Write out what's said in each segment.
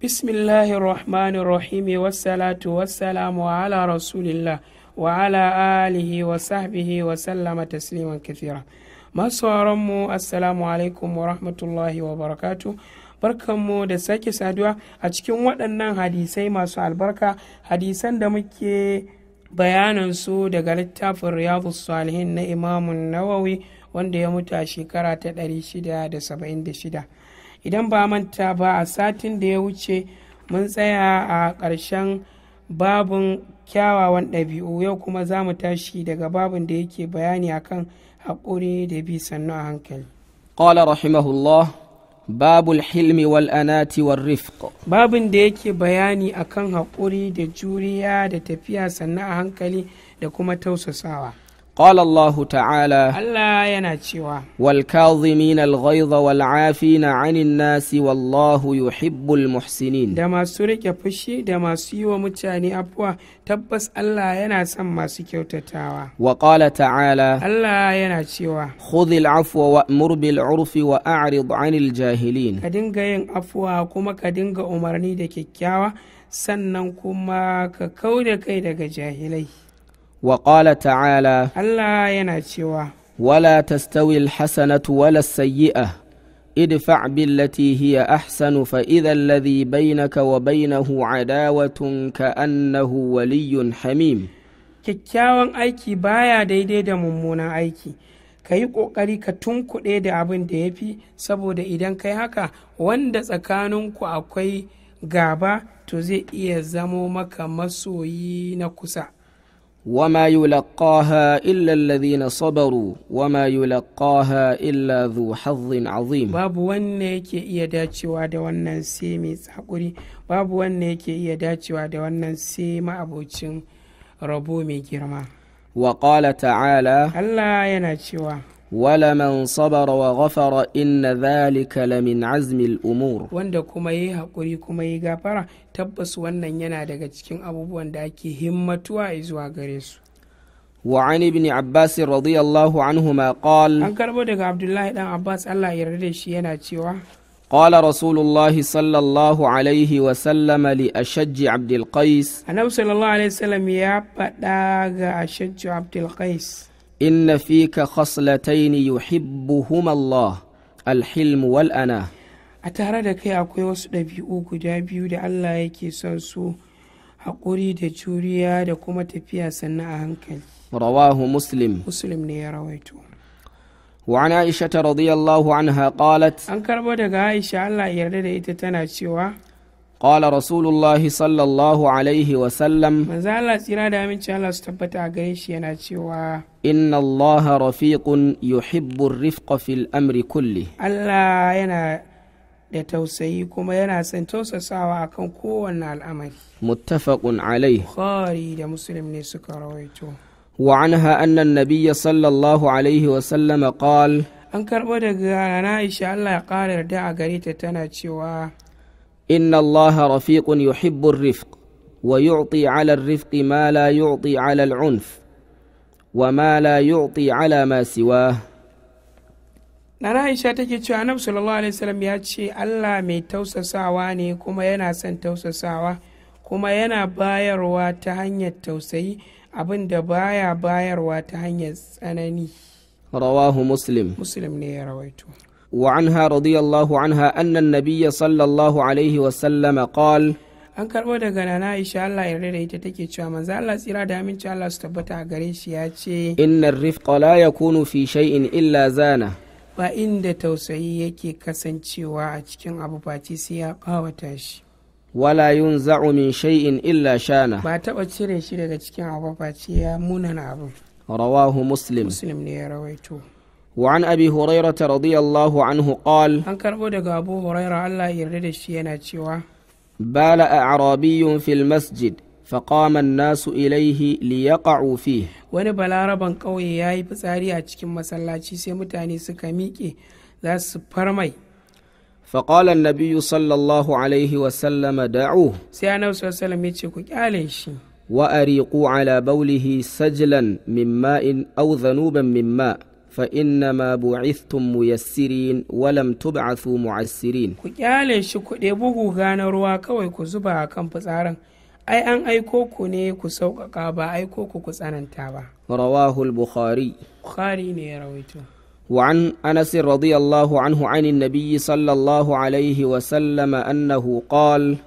Bismillahi rahmanir rahim wassalatu wassalamu ala rasulillah wa ala alihi wa sahbihi wa sallama tasliman kathira masu mu assalamu alaikum wa rahmatullahi wa barakatu barkanmu da sake saduwa a cikin waɗannan hadisai masu albarka hadisan da muke bayanan su daga littafin riyadu salihin na imamun nawawi wanda ya mutu a shekara ta 676 idan ba manta ba a satin da ya wuce mun tsaya a ƙarshen babin kyawawan ɗabi'u yau kuma za mu tashi daga babin da yake bayani akan haƙuri da bi sannu a hankali qala rahimahullah babul hilmi wal anati wal rifq babin da yake bayani akan haƙuri da juriya da tafiya sannu a hankali da kuma tausasawa قال الله تعالى الله يناتشوا والكاظمين الغيظ والعافين عن الناس والله يحب المحسنين دما سورك فشي دما سيو متاني أبوا تبس الله ينا سما سكيوتتاوا وقال تعالى الله يناتشوا خذ العفو وأمر بالعرف وأعرض عن الجاهلين كدنغا ين أفوا كما كدنغا أمرني دكيكياوا sannan kuma ka kau da kai wa qala ta'ala Allah yana cewa wala tastawi Hassanatu wala sayyi'a idfa' billati hiya ahsanu fa idha alladhi bainaka wa bainahu adawatun annahu waliyyun hamim kyakkyawan aiki baya daidai da mummunan aiki kayi yi ƙoƙari ka tunkuɗe da abin da ya fi saboda idan kai haka wanda tsakaninku akwai gaba to zai iya zamo maka masoyi na kusa وما يلقاها إلا الذين صبروا وما يلقاها إلا ذو حظ عظيم babu wanda yake iya dacewa da wannan sai mai hakuri babu wanda yake iya dacewa da wannan sai ma'abocin rabo mai girma wa ta'ala Allah yana cewa ولمن صبر وغفر إن ذلك min عزم umur. wanda kuma yi haƙuri kuma yi gafara tabbas wannan yana daga cikin abubuwan da ake himmatuwa zuwa gare su وعن ابن عباس رضي الله عنهما قال an karbo daga abdullahi dan abbas allah yarda da shi yana cewa قال رسول الله صلى الله عليه وسلم لأشج عبد القيس أنا صلى الله عليه وسلم يا بدأ أشج عبد القيس inna fika khaslatayn yuhibbuhuma Allah alhilm wal ana a tare da kai akwai wasu ɗabi'u guda biyu da Allah yake son su haƙuri da juriya da kuma tafiya sannan a hankali rawahu muslim muslim ne ya rawaito وعن عائشة رضي الله عنها قالت أنكر بدك عائشة الله يرد إتتنا cewa. Ƙwala Rasulullahi sallallahu Alaihi wasallam. Manzo Allah tsira da aminci Allah su tabbata a gare shi yana cewa. Inna Allah rafiqun yuhibbu rifqa fil amri kulli. Allah yana da tausayi kuma yana son tausasawa akan kowanne al'amari. Muttafaqun alai. Bukhari da Muslim ne suka rawaito. Wa anha anna an-nabiy sallallahu alaihi wa sallama qala an karɓo daga Aisha Allah ya ƙara da a gare ta tana cewa ان الله رفيق يحب الرفق ويعطي على الرفق ما لا يعطي على العنف وما لا يعطي على ما سواه نرى عائشة تكي تشوى صلى الله عليه وسلم ياتشي الله مي توسى ساواني كما ينا سن توسى ساوا كما ينا باير واتهنية توسي أبن دبايا باير واتهنية سناني رواه مسلم مسلم ني رويته وعنها رضي الله عنها أن النبي صلى الله عليه وسلم قال an karɓo daga nana aisha Allah ya rera ita take cewa manzo Allah tsira da aminci Allah su tabbata a gare shi ya ce innar rifqa la yakunu fi shay'in illa zana ba inda tausayi yake kasancewa a cikin abu face sai ya kawata shi wala yun min shay'in illa shana ba taɓa cire shi daga cikin abu ya munana abu rawahu muslim muslim ne ya rawaito وعن أبي هريرة رضي الله عنه قال أنكر بودك أبو هريرة الله يرد الشينا تشوا بال أعرابي في المسجد فقام الناس إليه ليقعوا فيه wani balaraban ƙauye ya yi fitsari a cikin masallaci sai mutane suka miƙe za su farmai فقال النبي صلى الله عليه وسلم دعوه sai annabi sallallahu alaihi ya ce ku kyale shi وأريقوا على بوله سجلا من ماء أو ذنوبا من ماء فإنما بعثتم ميسرين walam تبعثوا معسرين ku kyale shi ku ɗebi guga na ruwa kawai ku zuba a kan fitsarin ai an aiko ku ne ku sauƙaƙa ba aiko ku ku tsananta ba rawahu bukhari bukhari ne ya rawaito وعن أنس رضي الله عنه عن النبي صلى الله عليه وسلم أنه قال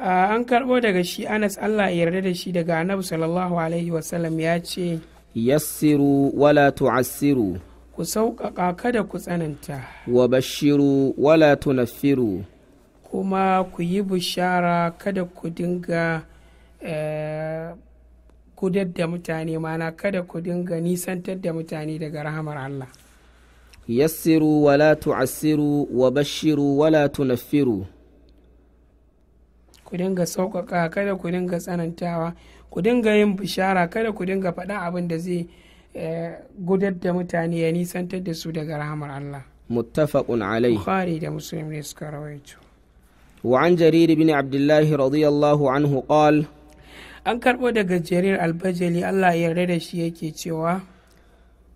an karɓo daga shi anas allah ya yarda da shi daga annabi sallallahu alaihi wasallam ya ce yassiru wala tu'assiru ku sauƙaƙa kada ku tsananta wa bashiru wala tunaffiru kuma ku yi bishara kada ku dinga kudar eh, da mutane mana kada ku dinga nisantar da mutane daga rahamar Allah yassiru wala tu'assiru wa bashiru wala tunaffiru ku dinga sauƙaƙa kada ku dinga tsanantawa ku dinga yin bishara kada ku dinga faɗa abin da zai eh, gudar da mutane ya nisantar da su daga rahamar Allah muttafaqun alai bukhari da muslim ne suka rawaito wa an jarir bin abdullah radiyallahu anhu qal an karɓo daga jarir albajali Allah ya yarda da shi yake cewa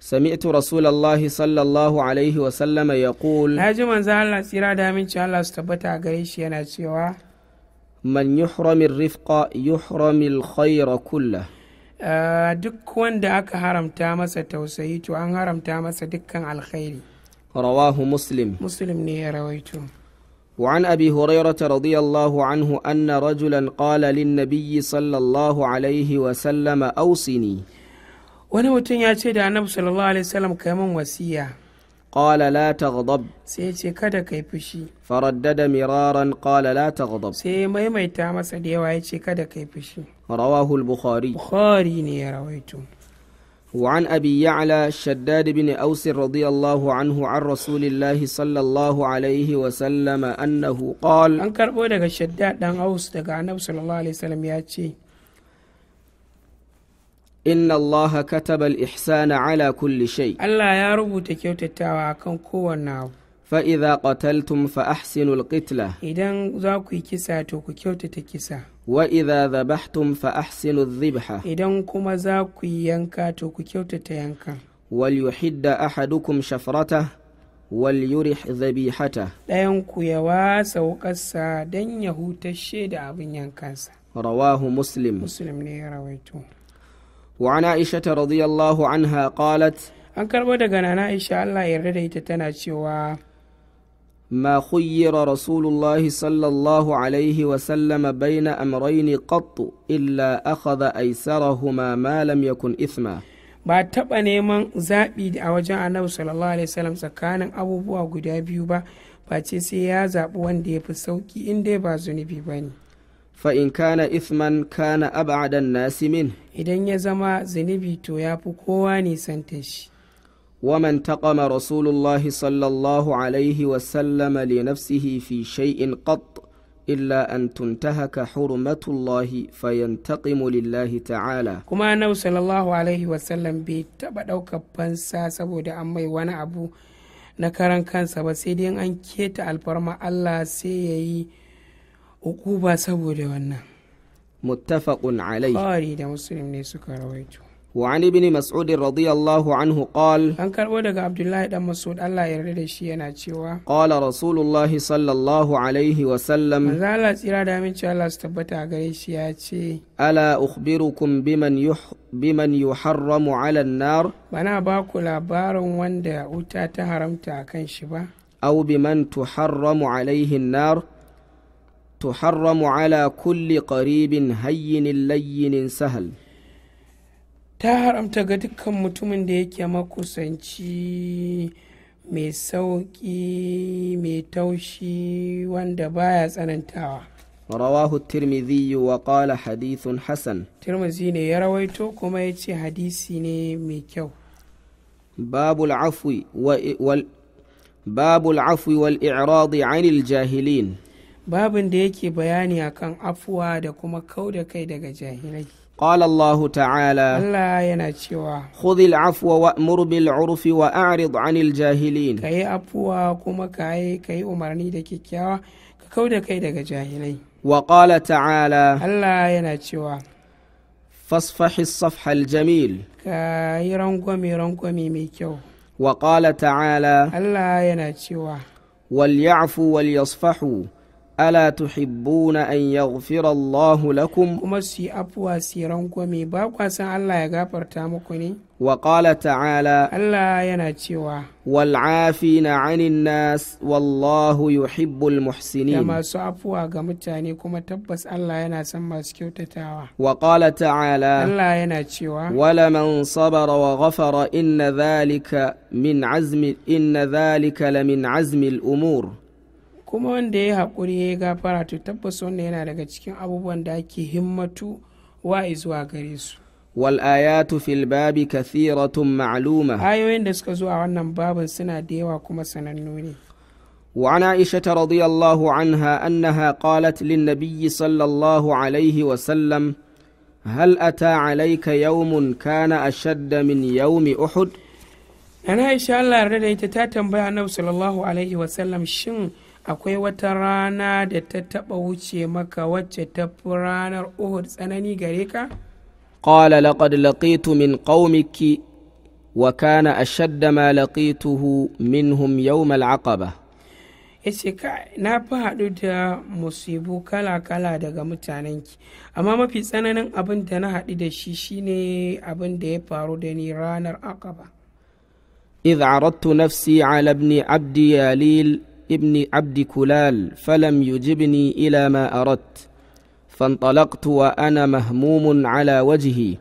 سمعت رسول الله صلى الله عليه وسلم يقول ناجي من زال الله su دامين الله gare shi ينا cewa man yuhramir rifqa yuhramil khaira kulla ah, duk wanda aka haramta masa tausayi to an haramta masa dukkan alkhairi rawahu muslim muslim ne ya rawaito وعن ابي هريره رضي الله عنه ان رجلا قال للنبي صلى الله عليه وسلم اوصني wani mutum ya ce da annabi sallallahu alaihi wasallam kai mun wasiya qala la taghdab sai ce kada kai fushi faraddada miraran qala la taghdab sai maimaita masa da yawa yace kada kai fushi rawahu al-bukhari bukhari ne ya rawaito وعن أبي يعلى شداد بن أوس رضي الله عنه عن رسول الله صلى الله عليه وسلم أنه قال أنكر بودك شداد بن أوس دقى النبي صلى الله عليه وسلم ياتي inna allaha kataba al-ihsana ala kulli shay Allah ya rubuta kyautatawa akan kowanne abu fa'iza qataltum fa ahsinul qitla idan za ku yi kisa to ku kyautata kisa wa idza dhabahtum fa ahsinul dhibha idan kuma za ku yi yanka to ku kyautata yanka wal yuhidda ahadukum shafrata wal yurih dhabihata dayan ku ya wasa wukarsa dan ya hutashe da abin yankansa rawahu muslim muslim ne ya rawaito وعن عائشة رضي anha عنها an karɓo daga nana aisha allah yarda da ita tana cewa ما خير رسول الله صلى الله عليه وسلم بين أمرين قط إلا أخذ أيسرهما ما لم يكن إثما ba taɓa neman zaɓi a wajen annabi sallallahu alaihi wasallam tsakanin abubuwa guda biyu ba face sai ya zaɓi wanda ya fi sauƙi in dai ba zunubi ba ne fa in kana isman kana abadan nasi min idan ya zama zinubi to ya fi kowa ne santa shi wa man taƙama rasulullahi sallallahu alaihi wa sallama le nafsihi fi shay'in ƙat illa an tuntaha ka hurmatullahi fayan taƙimu lillahi ta'ala kuma na sallallahu alaihi wa sallam bai taɓa ɗaukar fansa saboda an mai wani abu na karan kansa ba sai dai an keta alfarma allah sai ya yi ukuba saboda wannan muttafaqun alaihi bukhari da muslim ne suka rawaito Wani ابن Mas'udin رضي anhu عنه an karbo daga abdullahi dan mas'ud Allah ya yarda da shi yana cewa qala rasulullah sallallahu alaihi wa sallam manzo tsira da min cewa Allah su tabbata a gare shi ya ce ala ukhbirukum biman yuh biman yuharramu ala an-nar bana ba ku labarin wanda wuta ta haramta kan shi ba aw biman tuharramu alaihi an-nar تحرم على كل قريب هين لين سهل ta haramta ga dukkan mutumin da yake makusanci mai sauƙi mai taushi wanda baya tsanantawa rawahu tirmidhi wa qala hadithun Hassan. tirmidhi ne ya rawaito kuma ya ce hadisi ne mai kyau babul afwi wal babul afwi i'radi 'anil jahilin babin da yake bayani akan afuwa da kuma kau da kai daga jahilai قال الله تعالى الله ينشوا خذ العفو وأمر بالعرف وأعرض عن الجاهلين كي أفوا كما كي كي أمرني دكيكيا كودا كي دك جاهلي وقال تعالى الله ينشوا فاصفح الصفح الجميل كي رنقمي رنقمي ميكيو وقال تعالى الله ينشوا وليعفوا وليصفحوا ala tuhibbuna an yaghfira Allah lakum kuma su afuwa su yi rangwame ba kwa san Allah ya gafarta muku ne wa qala ta'ala Allah yana cewa wal afina 'anil nas wallahu yuhibbul muhsinin da masu afuwa ga mutane kuma tabbas Allah yana son masu kyautatawa wa qala ta'ala Allah yana cewa wala man sabara wa ghafara inna dhalika la min azmi umur kuma wanda ya yi haƙuri ya gafara to tabbas wanda yana daga cikin abubuwan da ake himmatu wa zuwa gare su wal ayatu fil babi kathiratun ma'luma ayoyin da suka zo a wannan baban suna da yawa kuma sanannu ne wa aisha radiyallahu anha annaha qalat lin nabiy sallallahu alaihi wa sallam hal ata alayka yawmun kana ashadd min yaumi uhud ana aisha Allah radiyallahu anha ta tambaya annabi sallallahu alaihi wa sallam shin akwai wata rana da ta taɓa wuce maka wacce ta fi ranar uhud tsanani gare ka qala laqad laqitu min qaumiki wa kana ashadda ma laqituhu minhum yawm al-aqaba yace ka na fi haɗu da musibu kala-kala daga mutanenki amma mafi tsananin abin da na haɗu da shi shine abin da ya faru da ni ranar aqaba إذ arattu nafsi alabni ابن عبد ابن عبد كلال فلم يجبني إلى ما أردت فانطلقت وأنا مهموم على وجهي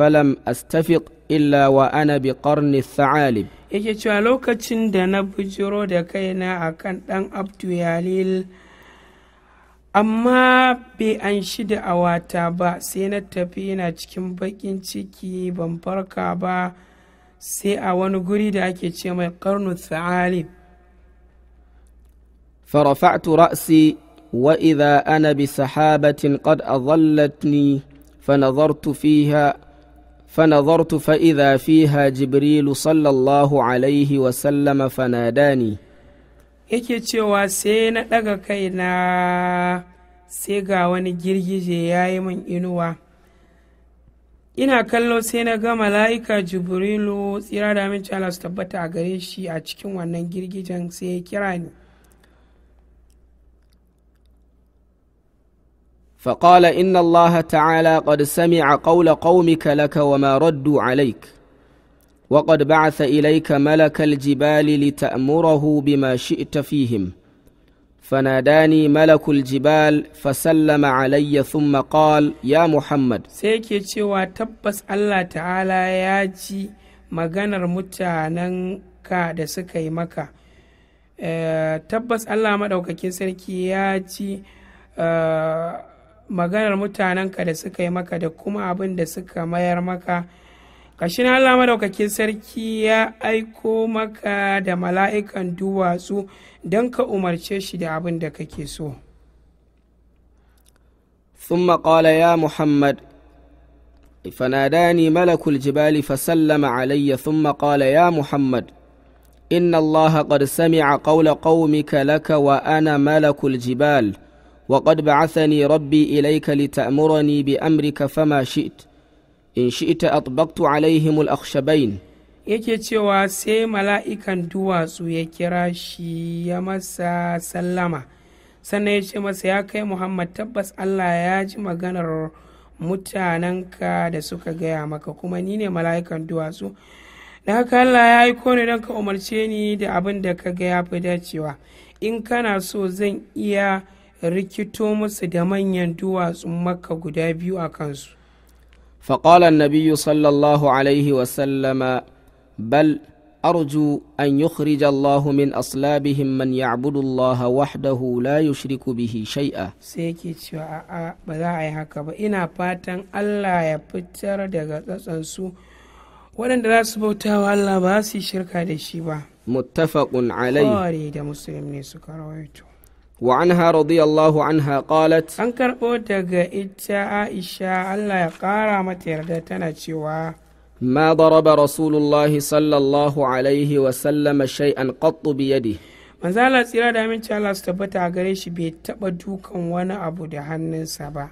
falam astafiq ila wa ana bi yake cewa lokacin da na bujiro da kaina akan ɗan ɗan abdulyalil amma bai an shida awata ba sai na tafi yana cikin baƙin ciki ban farka ba sai a wani guri da ake ce mai karnu tsalib فرفعت رأسي وإذا أنا بسحابة قد أظلتني فنظرت فيها فنظرت فإذا فيها جبريل صلى الله عليه وسلم فناداني yake cewa sai na ɗaga kaina sai ga wani girgije ya yi min inuwa ina kallo sai na ga mala'ika jibrilu tsira da min su tabbata a gare shi a cikin wannan girgijen sai ya kira ni فقال إن الله تعالى قد سمع قول قومك لك وما ردوا عليك وقد بعث إليك ملك الجبال لتأمره بما شئت فيهم فناداني ملك الجبال فسلم علي ثم قال يا محمد سيكي cewa tabbas Allah ta'ala ya ji maganar mutanen ka da suka yi maka tabbas Allah maɗaukakin sarki ya ji maganar mutanenka da suka yi maka da kuma abin da suka mayar maka kashin Allah madaukakin sarki ya aiko maka da mala'ikan duwatsu don ka umarce shi da abin da kake so ثم قال يا محمد فناداني ملك الجبال فسلم علي ثم قال يا محمد إن الله قد سمع قول قومك لك وأنا ملك الجبال وقد بعثني ربي إليك لتأمرني بأمرك فما شئت in shi ita atbaktu alaihimul yake cewa sai mala'ikan duwatsu ya kira shi ya masa sallama sannan ya ce masa ya kai muhammad tabbas allah ya ji maganar mutanenka da suka gaya maka kuma ni ne mala'ikan duwatsu da haka allah ya yi ne don ka umarce ni da abin da ka ga ya fi dacewa in kana so zan iya rikito musu da manyan duwatsun makka guda biyu a kansu faƙala nabiyu sallallahu alaihi wasallama bal arzu an yi khirji allahu min aslabihin man ya abudu allaha wahdahu la yi shiriku bihi shai'a sai ke cewa a'a ba za a yi haka ba ina fatan allah ya fitar daga ƙasansu waɗanda za su bauta wa allah ba su yi shirka da shi ba mutafaƙun alai kawari da musulmi su karawaitu وعنها رضي الله عنها قالت أنكر أودك إتا عائشة ألا يقارى متردتنا شوا ما ضرب رسول الله صلى الله عليه وسلم شيئا قط بيده manzala tsira da aminci Allah su a gare shi bai taɓa dukan wani abu da hannunsa ba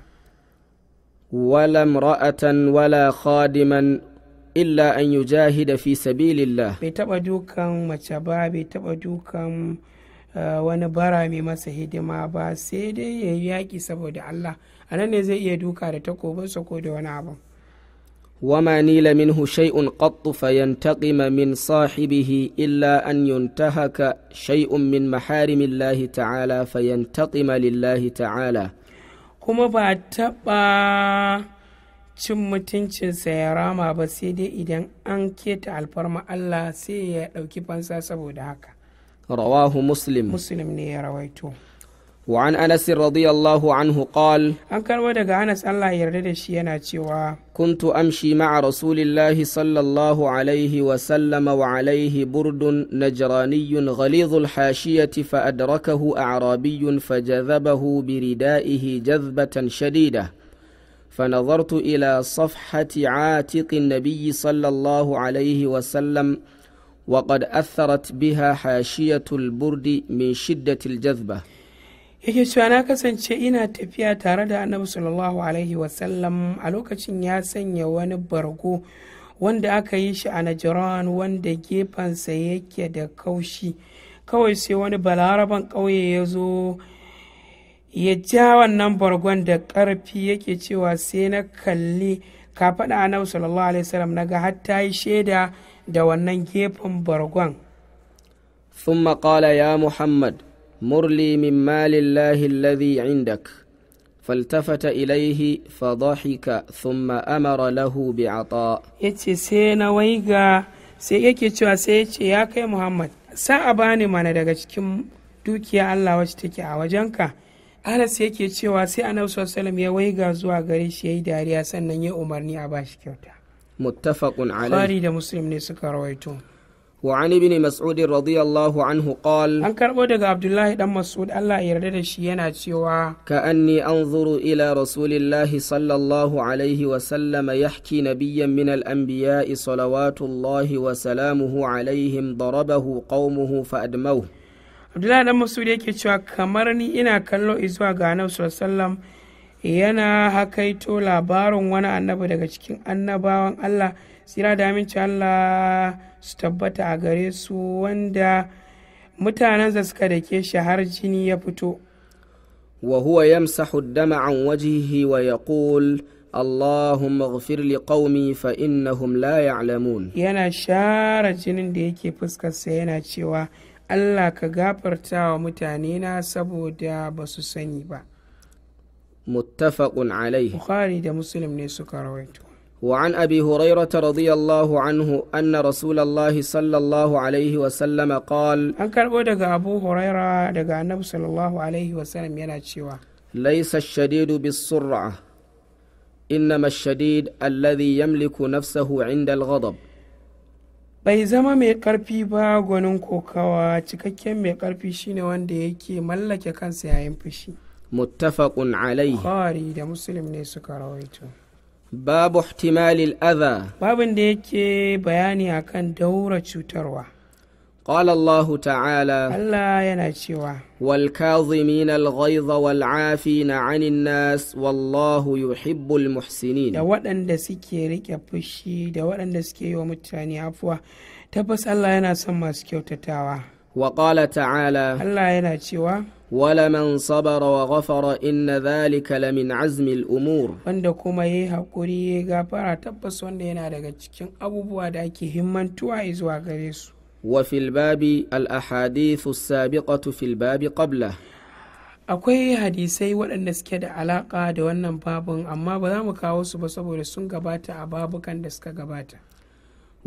wala ra'atan wala khadiman illa an yujahida fi sabilillah bai taɓa dukan mace ba bai taɓa dukan wani bara mai masa hidima ba sai dai ya yi yaƙi saboda Allah a nan ne zai iya duka da takobinsa ko da wani abu وما نيل منه شيء قط فينتقم من صاحبه إلا أن ينتهك شيء من محارم ta'ala تعالى فينتقم لله kuma ba taɓa cin mutuncinsa ya rama ba sai dai idan an keta alfarma Allah sai ya ɗauki fansa saboda haka رواه مسلم مسلم ني ya وعن أنس رضي الله عنه قال أن كان ودق أنس الله يرد شينا كنت أمشي مع رسول الله صلى الله عليه وسلم وعليه برد نجراني غليظ الحاشية فأدركه أعرابي فجذبه بردائه جذبة شديدة فنظرت إلى صفحة عاتق النبي صلى الله عليه وسلم وقد أثرت بها حاشية البرد من شدة الجذبة yake cewa na kasance ina tafiya tare da annabi sallallahu alaihi wasallam a lokacin ya sanya wani bargo wanda aka yi shi a najiran wanda gefensa yake da kaushi kawai sai wani balaraban ƙauye ya zo ya ja wannan bargon da ƙarfi yake cewa sai na kalli kafaɗa annabi sallallahu alaihi wasallam na ga har yi shaida da wannan gefen bargon ثم قال يا محمد مر لي من مال الله fa عندك فالتفت إليه lahu ثم أمر له ya ce sai na waiga sai yake cewa sai yace ya kai Muhammad sa a bani mana daga cikin dukiya Allah wacce take a wajenka Anas yake cewa sai Annabi sallallahu alaihi wasallam ya waiga zuwa gare shi yayi dariya sannan ya umarni a bashi kyauta muttafaqun alaihi da muslim ne suka rawaito wa an ibn mas'ud radiyallahu anhu qal an karbo daga abdullahi dan mas'ud Allah ya yarda da shi yana cewa ka anni anzuru ila rasulillahi sallallahu alaihi wa sallama yahki nabiyyan min al-anbiya'i salawatullahi wa salamuhu alaihim darabahu qaumuhu fa admahu abdullahi dan mas'ud yake cewa kamar ni ina kallo izuwa ga annabi sallallahu alaihi yana hakaito labarin wani annabi daga cikin annabawan Allah tsira da aminci Allah su tabbata a gare su wanda mutanensa suka dake shi har jini ya fito wa huwa yamsahu an wajihi wa yaqul اللهم اغفر fa فإنهم لا يعلمون yana shara jinin da yake fuskarsa yana cewa Allah ka gafarta wa mutane na saboda ba su sani ba متفق عليه البخاري da muslim ne suka وعن أبي هريرة رضي الله عنه أن رسول الله صلى الله عليه وسلم قال أن كربو دقى أبو هريرة دقى النبي صلى الله عليه وسلم يناتشيوا ليس الشديد بالسرعة إنما الشديد الذي يملك نفسه عند الغضب bai zama mai karfi ba gwanin kokawa cikakken mai karfi shine wanda yake mallake kansa yayin fushi muttafaqun alaihi bukhari da muslim ne suka rawaito babu ihtimalil adha babin da yake bayani akan daura cutarwa قال الله تعالى الله ينشوا والكاظمين الغيظ والعافين عن الناس والله يحب المحسنين da waɗanda suke riƙe fushi da waɗanda suke yi wa mutane afuwa tabbas Allah yana son masu kyautatawa wa qala ta'ala Allah yana cewa ولمن صبر وغفر إن ذلك لمن عزم umur. wanda kuma yayi haƙuri ya gafara tabbas wanda yana daga cikin abubuwa da ake himmantuwa zuwa gare su al الباب الأحاديث السابقة في الباب قبله akwai hadisai waɗanda suke da alaƙa da wannan babun amma ba za mu kawo su ba saboda sun gabata a babukan da suka gabata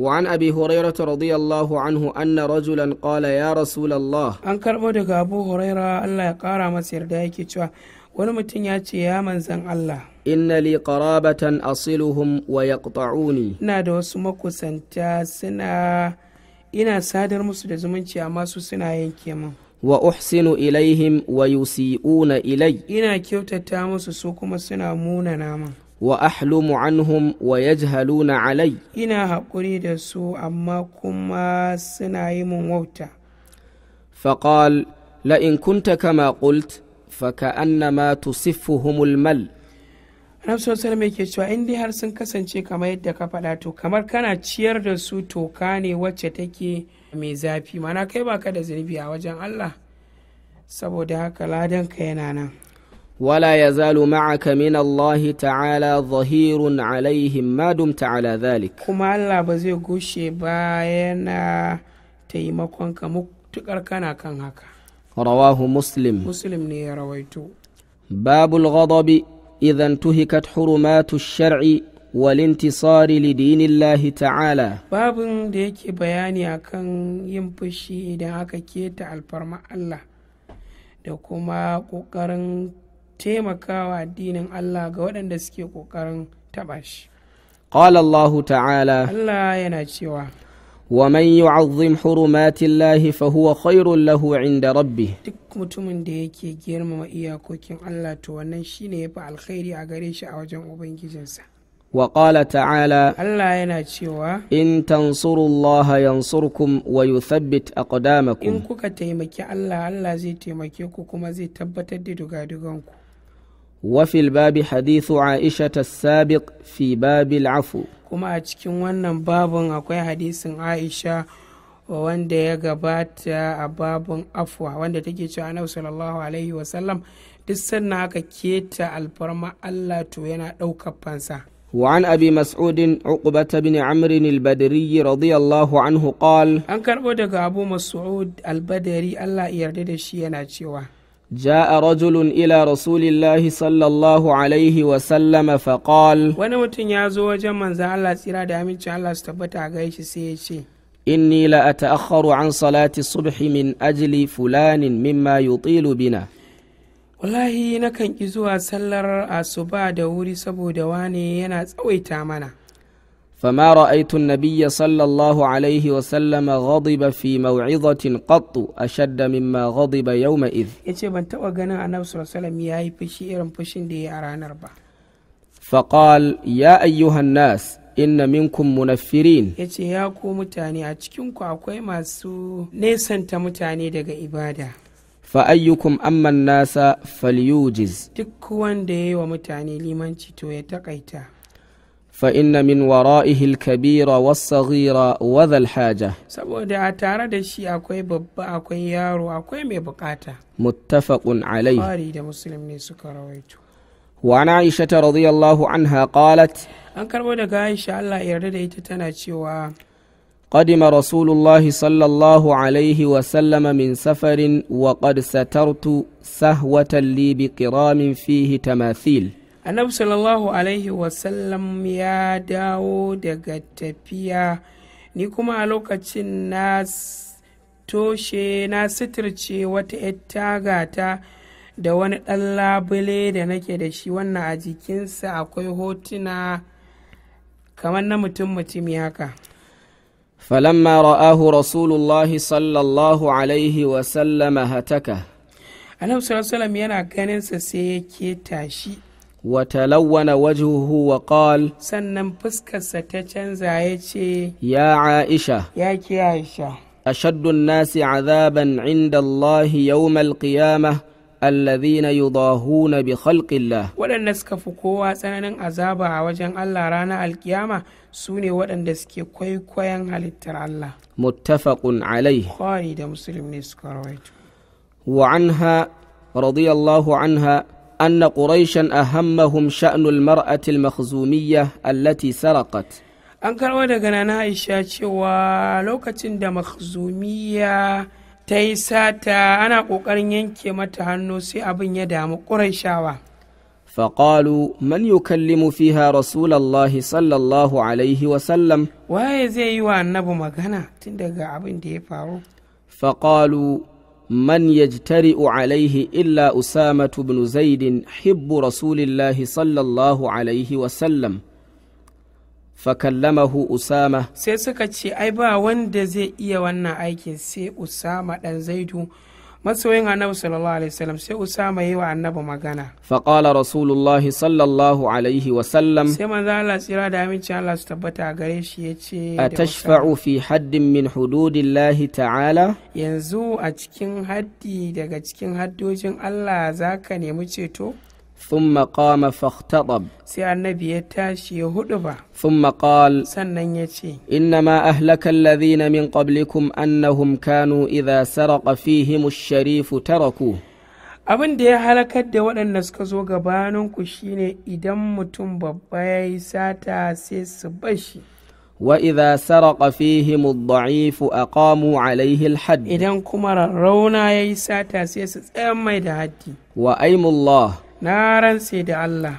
وعن أبي هريرة رضي الله عنه أن رجلا قال يا رسول الله أن كربو دقى أبو هريرة الله يقارى مسير دايكي wani mutum ya ce ya manzan Allah inna li qarabatan asiluhum wa yaqta'uni ina da wasu makusanta ina sadar musu da zumunci amma su suna yanke min wa uhsinu ilaihim wa yusi'una ilai ina kyautata musu su kuma suna muna min wa ahlumu anhum wa yajhaluna alai ina haƙuri da su amma kuma suna yi mun wauta faƙal la'in kunta kama ƙult faka annama tusiffuhumul mal Ramsu Salam mai ke cewa in dai har sun kasance kamar yadda ka faɗa to kamar kana ciyar da su toka ne wacce take mai zafi mana kai baka da zunubi a wajen Allah saboda haka ladan ka yana nan ولا يزال معك من الله تعالى ظهير عليهم ما دمت على ذلك كما الله بزي غوشي باينا تيمكون كمتقر كان كان هكا رواه مسلم مسلم ني رويته باب الغضب إذا انتهكت حرمات الشرع walintisari lidini Allah ta'ala. Babin da yake bayani akan yin fushi idan aka keta alfarma Allah da kuma ƙoƙarin taimakawa addinin Allah ga waɗanda suke ƙoƙarin taɓa shi. قال الله تعالى الله wa ومن يعظم حرمات الله فهو khairun lahu inda Rabbi. duk mutumin da yake girmama iyakokin Allah to wannan shine yafi alkhairi a gare shi a wajen ubangijinsa وقال ta'ala. Allah yana cewa in tansurullaha yansurkum wa yuthabbit aqdamakum in kuka taimaki Allah Allah zai taimake ku kuma zai tabbatar da dugaduganku Wa fil babu hadisu Aisha ta sabibi fi babu Kuma a cikin wannan baban akwai hadisin Aisha, wanda ya gabata a babun afwa wanda take shawana wa sallallahu alaihi wa sallam, duk sannan aka keta alfarma, Allah to yana ɗaukar fansa. Waɗan abi Mas'udin ƙuqbatabini Amrin Badariya radiyallahu anhu ƙal. An karɓo daga abu Mas'ud Albadari Allah iya yarda da shi yana cewa. Ja a rajulun ila الله صلى الله عليه وسلم فقال wani mutum ya zo wajen Manza, Allah tsira da aminci, Allah su tabbata a gaishe sai ya ce In ni la ata'akhkharu an salati subhi min ajili, fulanin min mayu, yutilu bina wallahi nakan ki zuwa sallar asuba da wuri saboda wane yana tsawaita mana فما رأيت النبي صلى الله عليه وسلم غضب في موعظة قط أشد مما غضب يومئذ يتي بان تبا غنا النبي صلى الله عليه وسلم ياي فشي إرم فشين دي أرانر با فقال يا أيها الناس inna minkum munaffirin ya ce ya ku mutane a cikinku akwai masu nesanta mutane daga ibada fa ayyukun amman nasa falyujiz duk wanda ya yi wa mutane limanci to ya takaita فإن من ورائه الكبير والصغير وذا الحاجة saboda a tare da shi akwai babba akwai yaro akwai mai bukata muttafaqun alayhi Bukhari da Muslim ne suka rawaito وعن عائشة رضي الله عنها قالت أن كربو دقا عائشة الله يرد تنا cewa قدم رسول الله صلى الله عليه وسلم من سفر وقد سترت سهوة لي بقرام فيه تماثيل annabi sallallahu alaihi wasallam ya dawo daga tafiya ni kuma a lokacin na toshe na sitirce wata ita gata da wani ɗan labule da nake da shi wannan a jikinsa akwai hotuna kamar na mutum mutumi haka ma ra'ahu rasulullahi sallallahu alaihi wasallama hataka annabi sallallahu alaihi wasallam yana ganin sa sai ya ke tashi. وتلون وجهه وقال سنن فسكسة تشنزا يا عائشة يا كي عائشة أشد الناس عذابا عند الله يوم القيامة الذين يضاهون بخلق الله waɗanda suka fi kowa tsananin azaba a wajen Allah ranar alkiyama sune waɗanda suke kwaikwayon halittar Allah muttafaqun alai Bukhari da Muslim ne suka rawaito wa anha radiyallahu anha Anna أن قريشا أهمهم شأن المرأة المخزومية allati سرقت an karɓo daga nana aisha cewa lokacin da makhzumiya ta yi sata ana ƙoƙarin yanke mata hannu sai abin ya damu ƙuraishawa faƙalu man yukallimu fiha rasulallahi sallallahu alaihi wasallam waye zai yi wa annabi magana tun daga abin da ya faru faƙalu من يجترئ عليه إلا أسامة بن زيد hibbu رسول الله صلى الله عليه وسلم fakallamahu usama sai suka ce a ba wanda zai iya wannan aikin sai usama ɗan zaidu masoyin annabi sallallahu alaihi wasallam sai usama yi wa annabi magana fa qala rasulullahi sallallahu alaihi wasallam sai manzo Allah tsira da aminci Allah su tabbata a gare shi yace atashfa'u fi haddin min hududillahi ta'ala yanzu a cikin haddi daga cikin haddojin Allah zaka nemi ceto thumma qama fakhtatab sai annabi ya tashi ya hudu ba thumma qal sannan ya ce innama ahlaka alladhina min qablikum annahum kanu idha saraqa fihim ash-sharif taraku abin da ya halakar da waɗanda suka zo gabaninku shine idan mutum babba yayi yi sata sai su bashi وإذا سرق فيهم الضعيف أقاموا عليه الحد إذا كمر رونا يساتا سيس أمي دهدي وأيم الله na rantse da Allah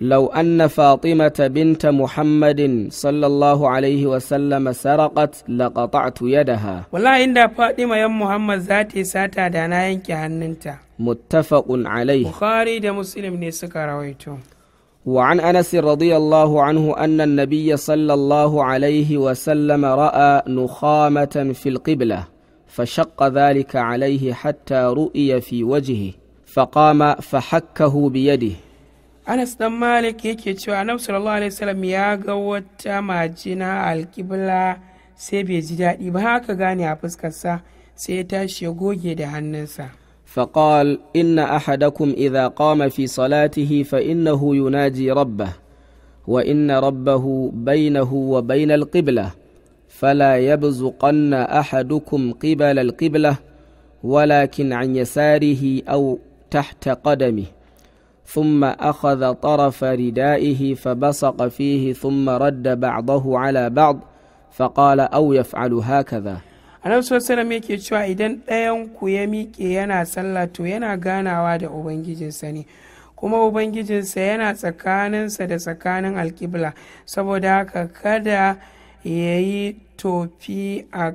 لو أن فاطمة بنت محمد صلى الله عليه وسلم سرقت لقطعت يدها والله إن فاطمة يا محمد ذاتي ساتا دانا ينكي هننتا متفق عليه بخاري ده مسلم نسك رويته وعن أنس رضي الله عنه أن النبي صلى الله عليه وسلم رأى نخامة في القبلة فشق ذلك عليه حتى رؤي في وجهه فقام فحكه بيده أنس بن مالك يكي تشوى النبي صلى الله عليه وسلم يا غوت ما جنا القبلة sai bai ji daɗi ba haka gane a fuskarsa sai ta tashi goge da hannunsa. faqal inna ahadakum idha qama fi salatihi fa innahu yunaji rabba wa inna rabbahu bainahu wa bainal qibla fala yabzuqanna ahadukum qibala alqibla walakin an yasarihi aw تحت قدمه ثم أخذ طرف ردائه فبصق فيه ثم رد بعضه على بعض فقال أو يفعل هكذا annabi sallallahu yake cewa idan ɗayan ku ya miƙe yana sallah to yana ganawa da ubangijinsa ne kuma ubangijinsa yana tsakaninsa da tsakanin alkibla saboda haka kada ya yi tofi a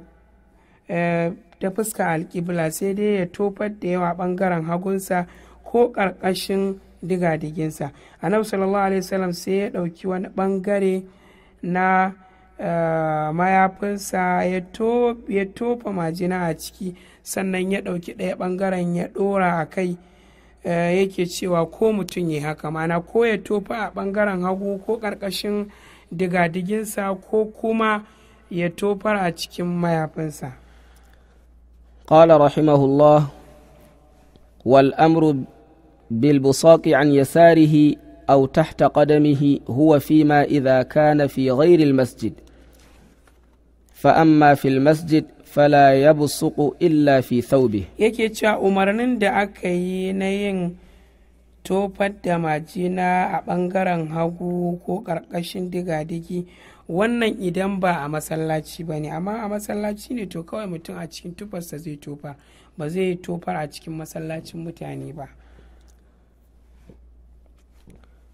ta fuska alkibla sai dai ya tofar da yawa bangaren hagunsa ko ƙarƙashin digadiginsa annabi sallallahu alaihi wasallam sai ya ɗauki wani bangare na eh, mayafinsa ya tofa majina a ciki sannan ya ɗauki ɗaya bangaren ya ɗora a kai eh, yake cewa ko mutum ya haka mana ko ya tofa a bangaren hagu ko ƙarƙashin digadiginsa ko kuma ya tofar a cikin mayafinsa قال رحمه الله والأمر بالبصاق عن يساره أو تحت قدمه هو فيما إذا كان في غير المسجد فأما في المسجد فلا يبصق إلا في ثوبه yake cewa umarnin da aka yi na yin tofar da majina a ɓangaren hagu ko ƙarƙashin digadigi wannan idan ba a masallaci ba ne amma a masallaci ne to kawai mutum a cikin tufarsa zai tofa ba zai tofar a cikin masallacin mutane ba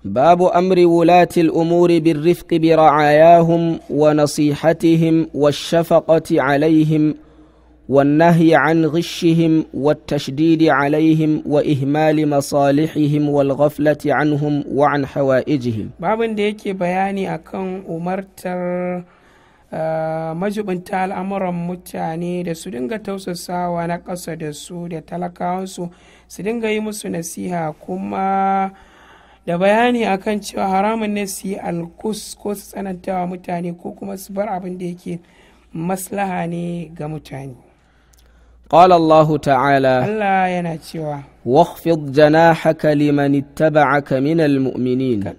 babu amri wulatil umuri bin rifki bi ra'ayahum wa nasihatihim wa shafaƙati alaihim. wa والنهي عن غشهم والتشديد عليهم وإهمال مصالحهم والغفلة عنهم وعن حوائجهم باب da yake bayani akan umartar majubinta al'amuran mutane da su dinga tausasawa na ƙasa da su da talakawansu su dinga yi musu nasiha kuma da bayani akan cewa haramun ne su yi alkus ko su tsanantawa mutane ko kuma su bar abin da yake maslaha ne ga mutane قال الله تعالى Allah yana واخفض جناحك لمن اتبعك من المؤمنين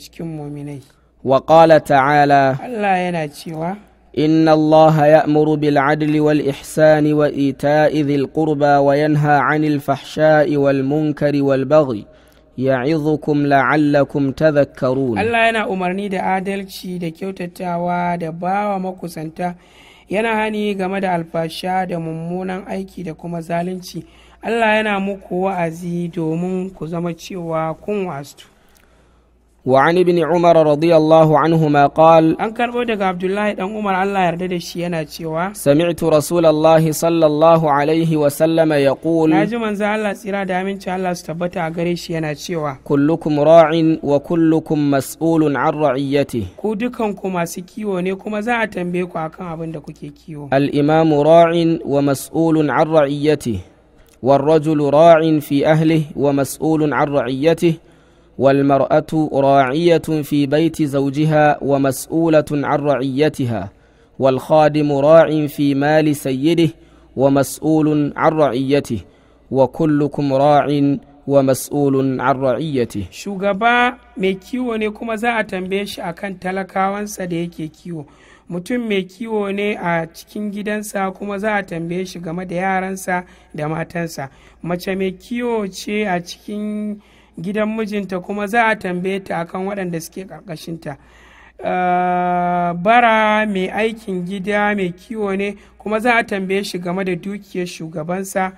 cikin وقال تعالى Allah yana إن الله يأمر بالعدل والإحسان وإيتاء ذي القربى وينهى عن الفحشاء والمنكر والبغي يعظكم la'allakum تذكرون Allah yana umarni da adalci da kyautatawa da bawa makusanta yana hani game da alfasha da mummunan aiki da kuma zalunci Allah yana muku wa'azi domin ku zama cewa kun wasu وعن ابن عمر رضي الله عنهما قال أن كربودك عبد الله أن عمر الله يردد الشيانة شوا سمعت رسول الله صلى الله عليه وسلم يقول ناجم أنزع الله سيرا دامين شاء الله استبتع قريش ينا شوا كلكم راع وكلكم مسؤول عن رعيته كودكم كما سكيو نيكما زاعة تنبيكو أكام عبندكو كيكيو الإمام راع ومسؤول عن رعيته والرجل راع في أهله ومسؤول عن رعيته والمرأة راعية في بيت زوجها ومسؤولة عن رعيتها والخادم راع في مال سيده ومسؤول عن رعيته وكلكم راع ومس'ulun an ra'iyyati shugaba mai kiwo ne kuma za a tambaye shi akan talakawansa da yake kiwo mutum mai kiwo ne a cikin gidansa kuma za a tambaye shi game da yaransa da matansa mace mai kiwo ce a cikin gidan mijinta kuma za a tambaye ta akan waɗanda suke ƙarƙashinta uh, bara mai aikin gida mai kiwo ne kuma za a tambaye shi game da dukiyar shugabansa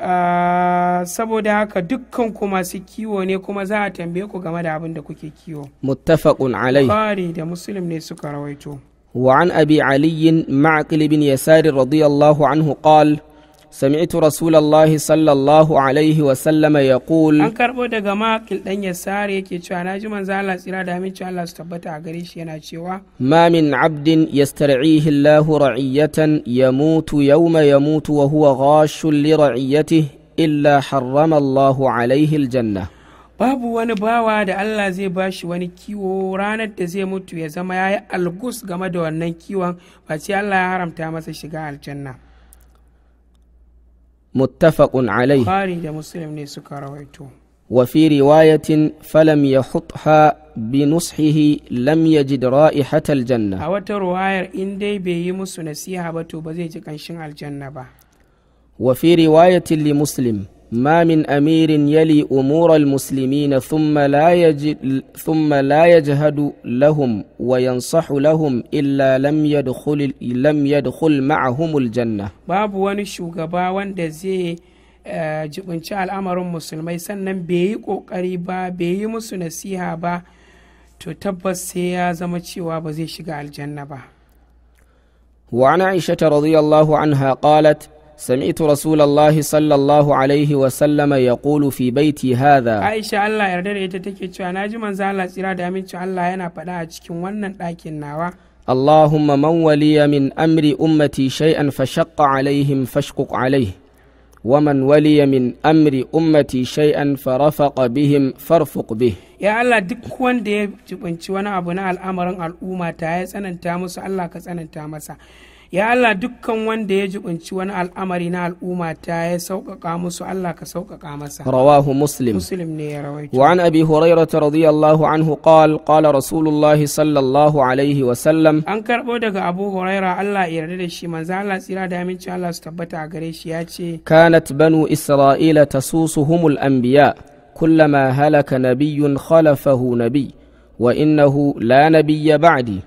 uh, saboda haka dukkan ku masu kiwo ne kuma za a tambaye ku game da abin da kuke kiwo muttafaqun alai bari da muslim ne suka rawaito wa an abi معقل بن bin رضي radiyallahu anhu qala سمعت رسول الله صلى الله عليه وسلم an karbo daga makil dan yasari yake cewa na ji manzo Allah tsira da aminci Allah su tabbata a gare shi yana cewa ma min abdin yastar'ihi Allah ra'iyatan yamutu yawma yamutu wa huwa ghashun li ra'iyatihi illa harrama Allah aljanna babu wani bawa da Allah zai bashi wani kiwo ranar da zai mutu ya zama yayi algus game da wannan kiwon face Allah ya haramta masa shiga aljanna muttafaqun alai bukhari da muslim ne suka rawaito wa fi riwayatin falam yahutha bi nushihi lam yajid ra'ihat aljanna a wata ruwayar in dai bai yi musu nasiha ba to ba zai ji kanshin aljanna ba wa riwayatin li muslim ما من أمير يلي أمور المسلمين ثم لا, يجد ثم لا يجهد لهم وينصح لهم إلا لم يدخل, لم يدخل معهم الجنة باب واني شوغبا وان دزي جبنش أمر المسلمي سنن بيي قوكري با بيي مسو نسيها با to tabbas sai ya zama cewa با وعن عائشة رضي الله عنها قالت سمعت رسول الله صلى الله عليه وسلم يقول في بيتي هذا عائشة الله يرد ita take cewa naji manzo Allah tsira da aminci Allah yana faɗa a cikin wannan ɗakin nawa اللهم من ولي من أمر أمتي شيئا فشق عليهم فاشقق عليه ومن ولي من أمر أمتي شيئا فرفق بهم فارفق به يا الله duk wanda ya jibinci wani abu na al'amarin al'umma ta ya tsananta musu Allah ka tsananta masa ya Allah dukkan wanda ya ji kunci wani al'amari na al'umma ta ya sauƙaƙa musu Allah ka sauƙaƙa masa rawahu muslim muslim ne ya rawaito wa an abi hurairah radiyallahu anhu qal qala rasulullahi sallallahu alaihi wa sallam an karbo daga abu hurairah Allah ya yarda da shi manzo Allah tsira da aminci Allah su tabbata a gare shi ya ce kanat banu isra'ila tasusuhumul anbiya kullama halaka nabiyyun khalafahu nabi wa innahu la nabiyya ba'di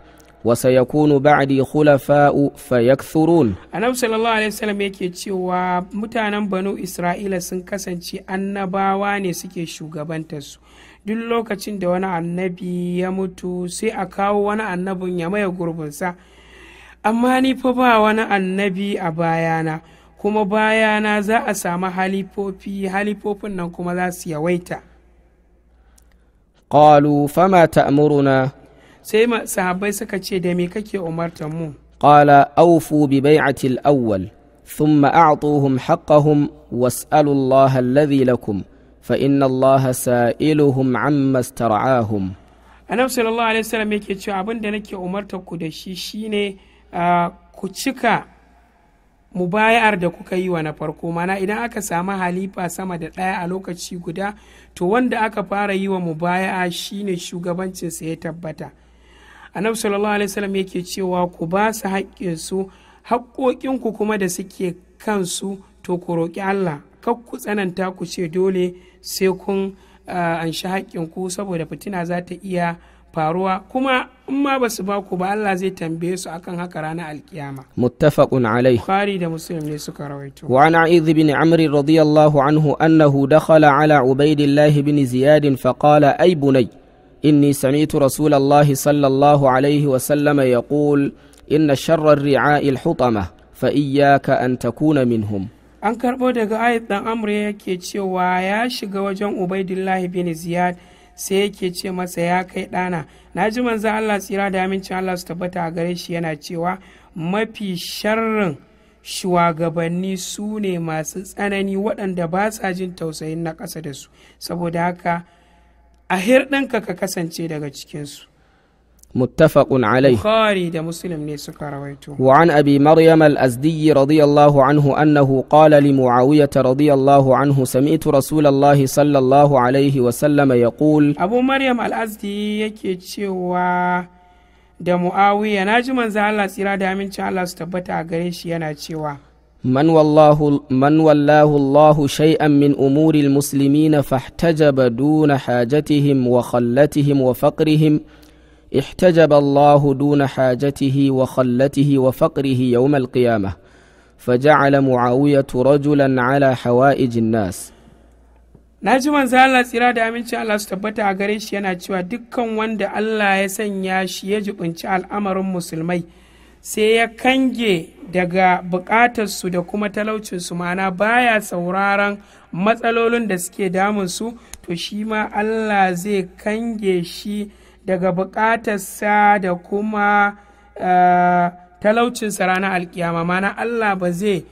وسيكون بعدي خلفاء فيكثرون annabi sallallahu alaihi ya yake cewa mutanen banu isra'ila sun kasance annabawa ne suke shugabantarsu duk lokacin da wani annabi ya mutu sai a kawo wani annabin ya maye gurbinsa amma ni fa ba wani annabi a bayana kuma bayana za a samu halifofi halifofin nan kuma za su yawaita qalu fama ta'muruna sai sahabbai suka ce da me kake umartan mu qala awfu bi bai'ati al-awwal thumma a'tuhum haqqahum was'alu Allah alladhi lakum fa inna Allah sa'iluhum amma istara'ahum annabi sallallahu alaihi wasallam yake cewa abin da nake umartar ku da shi shine ku cika mubayar da kuka yi wa na farko mana idan aka samu halifa sama da ɗaya a lokaci guda to wanda aka fara yi wa mubaya'a shine shugabancinsa ya tabbata annabi sallallahu alaihi wasallam yake cewa ku ba su haƙƙinsu haƙƙoƙinku kuma da suke kansu to ku roƙi Allah kar ku tsananta ku ce dole sai kun anshi haƙƙinku saboda fitina za ta iya faruwa kuma in ma ba su ba ku ba Allah zai tambaye su akan haka ranar alkiyama muttafaqun alai bukhari da muslim ne suka rawaito wa an a'idh bin amr radiyallahu anhu annahu dakhala ala ubaidillah bin ziyad fa qala ay bunay إني سمعت رسول الله صلى الله عليه وسلم يقول إن شر الرعاء الحطمة فإياك أن تكون منهم an karɓo daga ayat ɗan amri yake cewa ya shiga wajen ubaidillahi bin ziyad sai yake ce masa ya kai ɗana na ji manzo allah tsira da amincin allah su tabbata a gare shi yana cewa mafi sharrin shugabanni su ne masu tsanani waɗanda ba sa jin tausayin na ƙasa da su saboda haka a hirɗinka ka kasance daga cikinsu متفق عليه البخاري ده مسلم ليس كرويته وعن أبي مريم الأزدي رضي الله عنه أنه قال لمعاوية رضي الله عنه سمعت رسول الله صلى الله عليه وسلم يقول أبو مريم الأزدي يكيتشي da mu'awiya na ji manzo Allah tsira da aminci Allah su tabbata a gare shi yana cewa من والله من ولاه الله شيئا من امور المسلمين فاحتجب دون حاجتهم وخلتهم وفقرهم احتجب الله دون حاجته وخلته وفقره يوم القيامه فجعل معاويه رجلا على حوائج الناس na ji manzo سيرا tsira da amincin Allah su tabbata a gare shi yana cewa dukkan wanda Allah ya sanya shi ya sai ya kange daga bukatarsu da kuma talaucinsu mana baya sauraron matsalolin da suke damunsu to shi ma Allah zai kange shi daga bukatarsa da kuma eh, talaucinsa ranar alkiyama mana Allah ba zai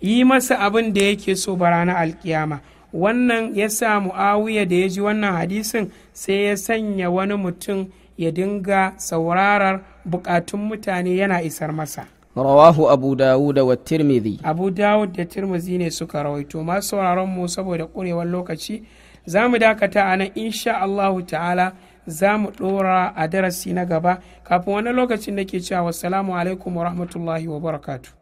yi masa abin da yake so ba ranar alkiyama wannan ya sa mu'awiyar da ya ji wannan hadisin sai ya sanya wani mutum ya dinga saurarar bukatun mutane yana isar masa rawahu abu dawud wa tirmidhi abu dawud da tirmidhi ne suka rawaito masu sauraron mu saboda ƙurewar lokaci za mu dakata a nan insha allahu ta'ala za mu ɗora a darasi na gaba kafin wani lokacin da ke cewa wassalamu alaikum wa rahmatullahi wa barakatu